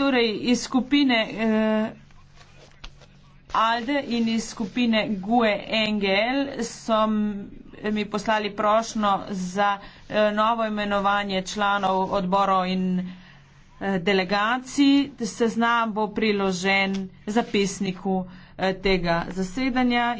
torej iz skupine eh, Alde in iz skupine GUE NGL so mi poslali prošno za eh, novo imenovanje članov odborov in eh, delegacij. Seznam bo priložen zapisniku eh, tega zasedanja. In